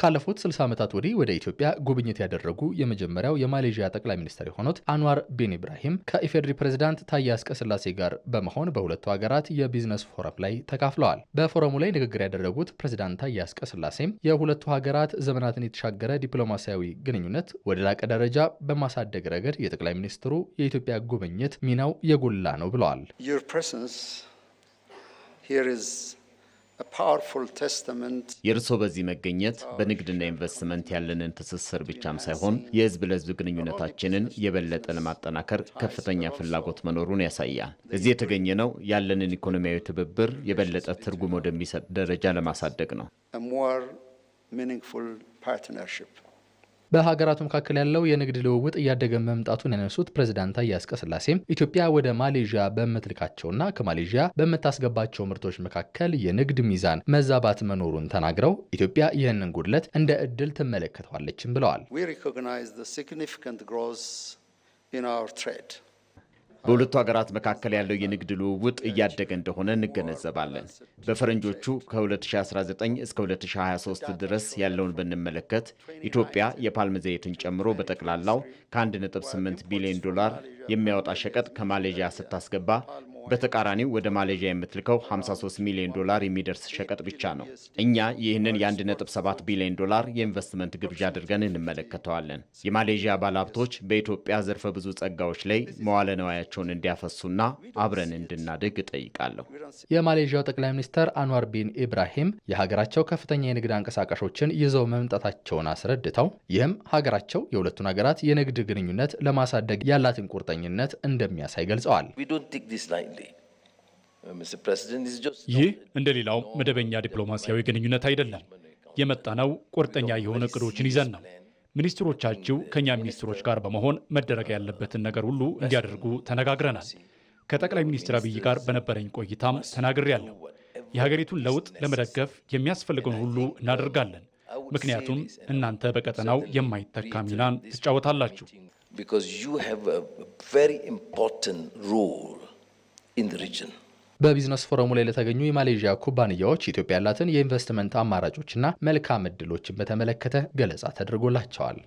ካለፉት 60 ዓመታት ወዲህ ወደ ኢትዮጵያ ጉብኝት ያደረጉ የመጀመሪያው የማሌዥያ ጠቅላይ ሚኒስትር የሆኑት አንዋር ቢን ኢብራሂም ከኢፌዴሪ ፕሬዝዳንት ታዬ አጽቀሥላሴ ጋር በመሆን በሁለቱ ሀገራት የቢዝነስ ፎረም ላይ ተካፍለዋል። በፎረሙ ላይ ንግግር ያደረጉት ፕሬዝዳንት ታዬ አጽቀሥላሴም የሁለቱ ሀገራት ዘመናትን የተሻገረ ዲፕሎማሲያዊ ግንኙነት ወደ ላቀ ደረጃ በማሳደግ ረገድ የጠቅላይ ሚኒስትሩ የኢትዮጵያ ጉብኝት ሚናው የጎላ ነው ብለዋል። የእርስዎ በዚህ መገኘት በንግድና ኢንቨስትመንት ያለንን ትስስር ብቻም ሳይሆን የህዝብ ለህዝብ ግንኙነታችንን የበለጠ ለማጠናከር ከፍተኛ ፍላጎት መኖሩን ያሳያል። እዚህ የተገኘነው ያለንን ኢኮኖሚያዊ ትብብር የበለጠ ትርጉም ወደሚሰጥ ደረጃ ለማሳደግ ነው። በሀገራቱ መካከል ያለው የንግድ ልውውጥ እያደገ መምጣቱን ያነሱት ፕሬዚዳንት አያስቀ ስላሴም ኢትዮጵያ ወደ ማሌዥያ በምትልካቸውና ከማሌዥያ በምታስገባቸው ምርቶች መካከል የንግድ ሚዛን መዛባት መኖሩን ተናግረው ኢትዮጵያ ይህንን ጉድለት እንደ እድል ትመለከተዋለችም ብለዋል። በሁለቱ ሀገራት መካከል ያለው የንግድ ልውውጥ እያደገ እንደሆነ እንገነዘባለን። በፈረንጆቹ ከ2019 እስከ 2023 ድረስ ያለውን ብንመለከት ኢትዮጵያ የፓልም ዘይትን ጨምሮ በጠቅላላው ከ1.8 ቢሊዮን ዶላር የሚያወጣ ሸቀጥ ከማሌዥያ ስታስገባ በተቃራኒው ወደ ማሌዥያ የምትልከው 53 ሚሊዮን ዶላር የሚደርስ ሸቀጥ ብቻ ነው። እኛ ይህንን የ1.7 ቢሊዮን ዶላር የኢንቨስትመንት ግብዣ አድርገን እንመለከተዋለን። የማሌዥያ ባለሀብቶች በኢትዮጵያ ዘርፈ ብዙ ጸጋዎች ላይ መዋለ ነዋያቸውን እንዲያፈሱና አብረን እንድናድግ እጠይቃለሁ። የማሌዥያው ጠቅላይ ሚኒስትር አንዋር ቢን ኢብራሂም የሀገራቸው ከፍተኛ የንግድ አንቀሳቃሾችን ይዘው መምጣታቸውን አስረድተው ይህም ሀገራቸው የሁለቱን ሀገራት የንግድ ግንኙነት ለማሳደግ ያላትን ቁርጠኝነት እንደሚያሳይ ገልጸዋል። ይህ እንደ ሌላው መደበኛ ዲፕሎማሲያዊ ግንኙነት አይደለም። የመጣነው ቁርጠኛ የሆነ እቅዶችን ይዘን ነው። ሚኒስትሮቻችሁ ከእኛ ሚኒስትሮች ጋር በመሆን መደረግ ያለበትን ነገር ሁሉ እንዲያደርጉ ተነጋግረናል። ከጠቅላይ ሚኒስትር አብይ ጋር በነበረኝ ቆይታም ተናግሬያለሁ። የሀገሪቱን ለውጥ ለመደገፍ የሚያስፈልገውን ሁሉ uh, እናደርጋለን። ምክንያቱም እናንተ በቀጠናው የማይተካ ሚናን ትጫወታላችሁ። region. በቢዝነስ ፎረሙ ላይ ለተገኙ የማሌዥያ ኩባንያዎች ኢትዮጵያ ያላትን የኢንቨስትመንት አማራጮችና መልካም ዕድሎችን በተመለከተ ገለጻ ተደርጎላቸዋል።